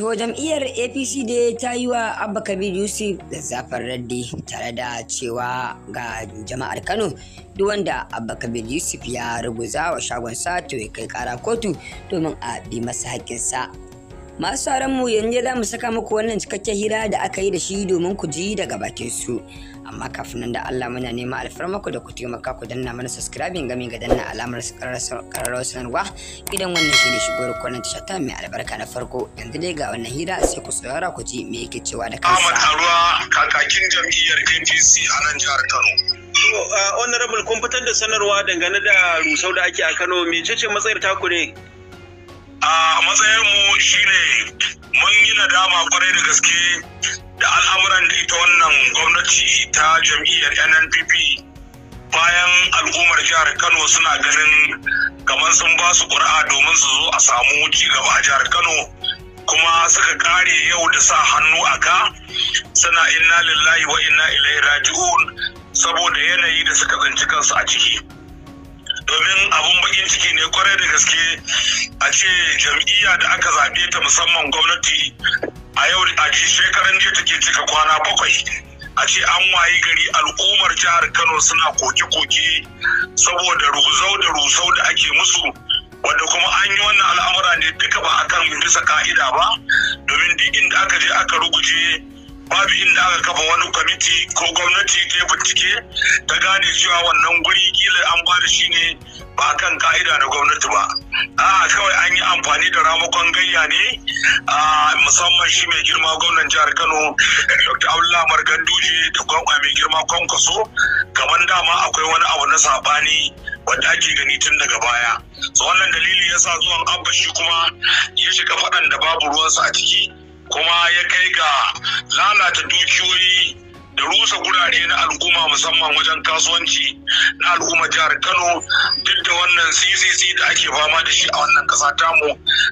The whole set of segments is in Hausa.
To jam'iyyar APC da ta yi wa Abba Kabir Yusuf da zafin raddi tare da cewa ga jama'ar Kano duk wanda Abba Kabir Yusuf ya ruguza wa shagon sa to ya kai kara kotu domin a bi masa haƙƙinsa. masu sauran mu yanzu za mu saka muku wannan cikakken hira da aka yi da shi domin ku ji daga bakin su amma kafin nan da Allah muna nema alfarmaku da ku taimaka ku danna mana subscribing game ga danna alamar kararrawar sanarwa idan wannan shi ne shigowar ku tasha ta mai albarka na farko yanzu dai ga wannan hira sai ku saurara ku ji me yake cewa da kansa. Ahmad Haruwa kakakin jam'iyyar APC a nan jihar Kano. Uh, honorable kun fitar da sanarwa dangane da rusau da ake a Kano mecece matsayar taku ne? a matsayinmu shine mun yi nadama kwarai da gaske da al'amuran da ita wannan gwamnati ta jam'iyyar nnpp bayan al'ummar jihar kano suna ganin kamar sun ba su ƙuri'a domin su zo a samu cigaba a jihar kano kuma suka kare yau da sa hannu a ka suna inna lillahi wa inna ilaihi raji'un saboda yanayi da suka tsinci kansu a ciki. domin abun bakin ciki ne kwarai da gaske a ce jam'iyya da aka zaɓe ta musamman gwamnati a yau a ce shekaran jiya take cika kwana bakwai a ce an wayi gari al'ummar jihar kano suna koke-koke saboda ruzau da rusau da ake musu wadda kuma an yi wannan al'amura ne duka ba akan bisa ka'ida ba domin duk inda aka je aka ruguje babu inda aka kafa wani kwamiti ko gwamnati ta bincike ta gane cewa wannan guri gila an ba da shi ne ba kan ka'ida na gwamnati ba a kawai an yi amfani da ramakon gayya ne a musamman shi mai girma gwamnan jihar kano dr abdullahi margan duje da gwamna mai girma kwankwaso kamar dama akwai wani abu na sabani wanda ake gani tun daga baya so wannan dalili yasa zuwan abba shi kuma ya shiga faɗan da babu ruwansa a ciki kuma ya kai ga lalata dukiyoyi da rusa gurare na al'umma musamman wajen kasuwanci na al'umma jihar kano duk da wannan ccc da ake fama da shi a wannan kasa tamu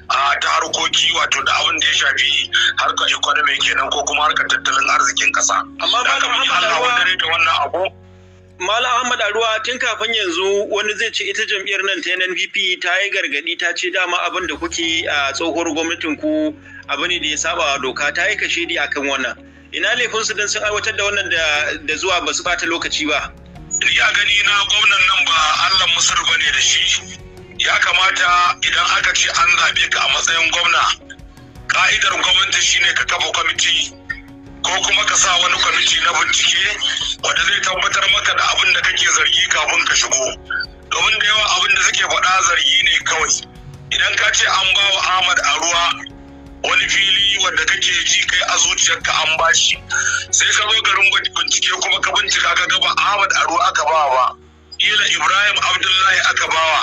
a ta harkoki wato da abin da ya shafi harkar economy kenan ko kuma harkar tattalin arzikin kasa amma ba da wannan abu Malam Ahmad Aruwa tun kafin yanzu wani zai ce ita jam'iyyar nan ta NNPP ta yi gargadi ta ce dama abin da kuke a tsohuwar gwamnatin ku abu ne da ya saba doka ta yi di akan wannan. Ina laifin su don sun aiwatar da wannan da zuwa ba su bata lokaci ba. Ya gani na gwamnan nan ba Allah Musar bane da shi. Ya kamata idan aka ce an zabe ka a matsayin gwamna ka'idar gwamnati shine ka kafa kwamiti ko kuma ka sa wani kwamiti na bincike wanda zai tabbatar maka da abin da kake zargi kafin ka shigo domin da yawa abin da suke faɗa zargi ne kawai idan ka ce an ba wa ahmad a ruwa wani fili wanda kake ji kai a zuciyarka an bashi sai ka zo garin bincike kuma ka bincika ka gaba ahmad a ruwa aka ba ba kila ibrahim abdullahi aka bawa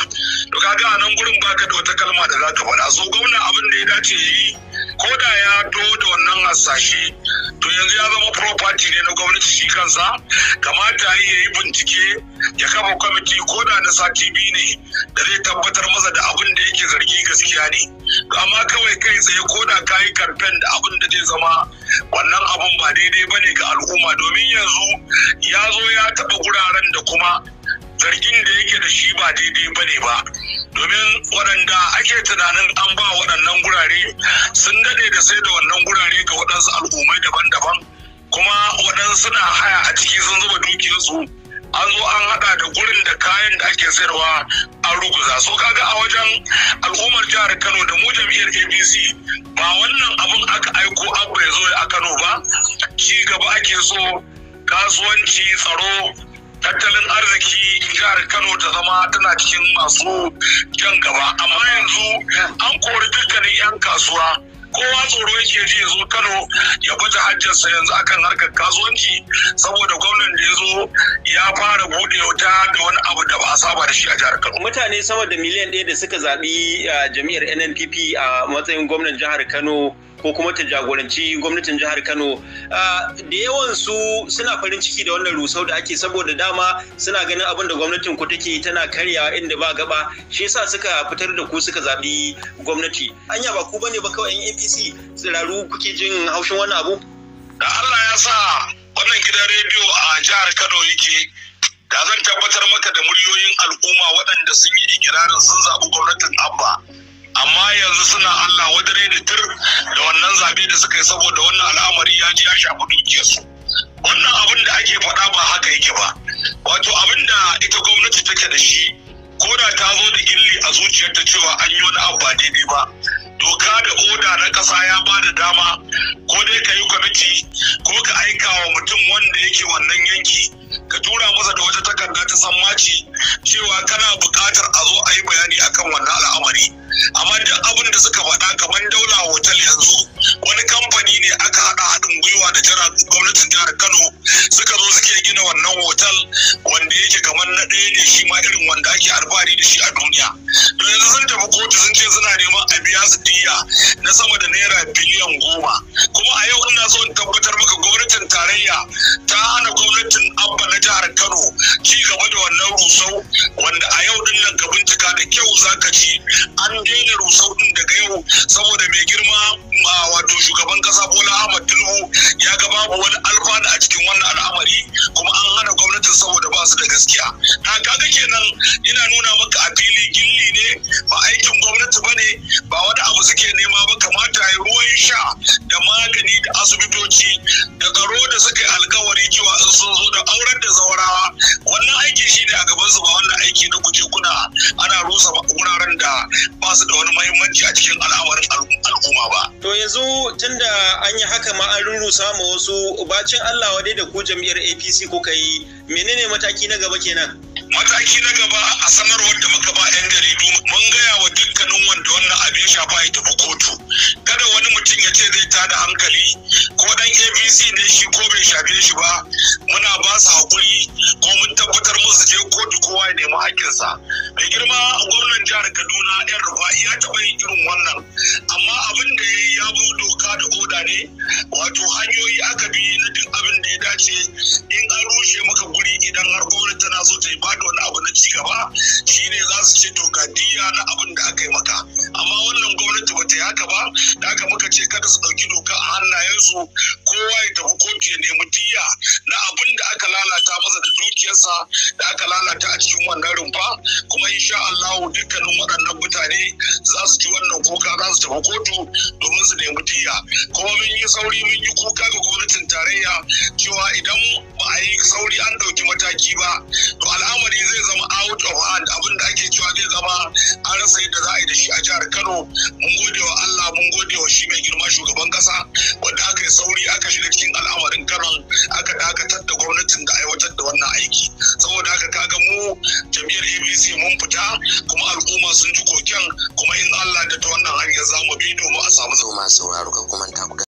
to kaga a nan gurin baka da wata kalma da za ka faɗa so gwamna abin da ya dace ya yi ko da ya dodo da wannan hasashe to yanzu ya zama property ne na gwamnati shi kansa kamata ya yi bincike ya kafa kwamiti ko da na sati biyu ne da zai tabbatar masa da abin da yake zargi gaskiya ne amma kawai kai tsaye ko da ka yi karfen da abin da zai zama wannan abin ba daidai ba ne ga al'umma domin yanzu ya zo ya taɓa gura zargin da yake da shi ba daidai ba ne ba domin waɗanda ake tunanin an ba waɗannan gurare sun daɗe da sai da wannan gurare ga waɗansu al'ummai daban-daban kuma waɗansu na haya a ciki sun zuba dukiyarsu an zo an haɗa da gurin da kayan da ake sayarwa a ruguza so kaga a wajen al'ummar jihar kano da mu jam'iyyar apc ba wannan abin aka aiko abu ya zo a kano ba ci gaba ake so kasuwanci tsaro tattalin arziki jihar Kano ta zama tana cikin masu jan gaba amma yanzu an kori dukkanin 'yan kasuwa kowa tsoro yake ji Kano ya baje hajjarsa yanzu akan harkar kasuwanci saboda gwamnan da ya zo ya fara buɗe wuta da wani abu da saba da shi a jihar Kano. Mutane sama da miliyan ɗaya da suka zaɓi jami'ar NNPP a matsayin gwamnan jihar Kano ko kuma ta jagoranci gwamnatin jihar Kano da yawan su suna farin ciki da wannan rusau da ake saboda dama suna ganin abin da gwamnatin ku take tana karya inda ba gaba shi yasa suka fitar da ku suka zaɓi gwamnati anya ba ku bane ba kawai yan APC tsiraru kuke jin haushin wannan abu da Allah ya sa wannan gidan rediyo a jihar Kano yake da zan tabbatar maka da muryoyin al'umma waɗanda sun yi ikirarin sun zaɓi gwamnatin abba amma yanzu suna allah wadare da tur da wannan zaɓe da suka yi saboda wannan al'amari ya ji ya shafi dukiyarsu wannan abin da ake faɗa ba haka yake ba wato abin da ita gwamnati take da shi ko da ta zo da gilli a zuciyarta cewa an yi wani abu ba daidai ba doka da oda na ƙasa ya ba da dama ko dai ka yi kwamiti ko ka aika wa mutum wanda yake wannan yanki ka tura masa da wata takarda ta san maci cewa kana bukatar a zo a yi bayani kotu sun ce suna neman a biya su diya na sama da naira biliyan goma kuma a yau ina so in tabbatar maka gwamnatin tarayya ta hana gwamnatin abba na jihar kano ci gaba da wannan rusau wanda a yau din nan ka bincika da kyau zaka ci an daina rusau din daga yau saboda mai girma wato shugaban kasa bola ahmad tinubu ya ga babu wani alfanu a cikin wannan al'amari kuma an hana gwamnatin saboda ba su da gaskiya na kenan ina nuna maka a fili gilli ne aikin gwamnati ba ne ba wani abu suke nema ba kamata ya ruwan sha da magani da asibitoci da karo da suka yi alkawari cewa in sun zo da auren da zaurawa wannan aiki shi ne a gaban su ba wannan aiki na kuce kuna ana rusa wuraren da ba su da wani mahimmanci a cikin al'amarin al'umma ba. To yanzu tunda an yi haka ma an rusa ma wasu bacin Allah wadai da ku jam'iyyar APC kuka yi menene mataki na gaba kenan? mataki na gaba a sanarwar da muka ba 'yan jaridu mun gaya wa dukkanin wanda wannan abin ya shafa ya tafi kotu kada wani mutum ya ce zai tada hankali ko dan abc ne shi ko bai shafe shi ba muna ba su haƙuri ko mun tabbatar musu je kotu kowa ya nemi sa mai girma gwamnan jihar kaduna yan rufa'i ya taɓa yin irin wannan amma na abin da aka yi maka amma wannan gwamnati ba ta yi haka ba da aka muka ce kada su ɗauki doka hannayensu kowa ya tafi kotu ya nemi diya na abin da aka lalata masa da dukiyarsa da aka lalata a cikin wannan rumfa kuma insha Allah dukkanin waɗannan mutane za su ji wannan kuka za su tafi kotu domin su nemi diya kuma mun yi sauri mun yi kuka ga gwamnatin tarayya cewa idan ba a yi sauri an ɗauki mataki ba to al'amari zai zama out of hand abin da ake cewa zai zama an rasa yadda za a yi da shi a jihar Kano mun gode wa Allah mun gode wa shi mai girma shugaban kasa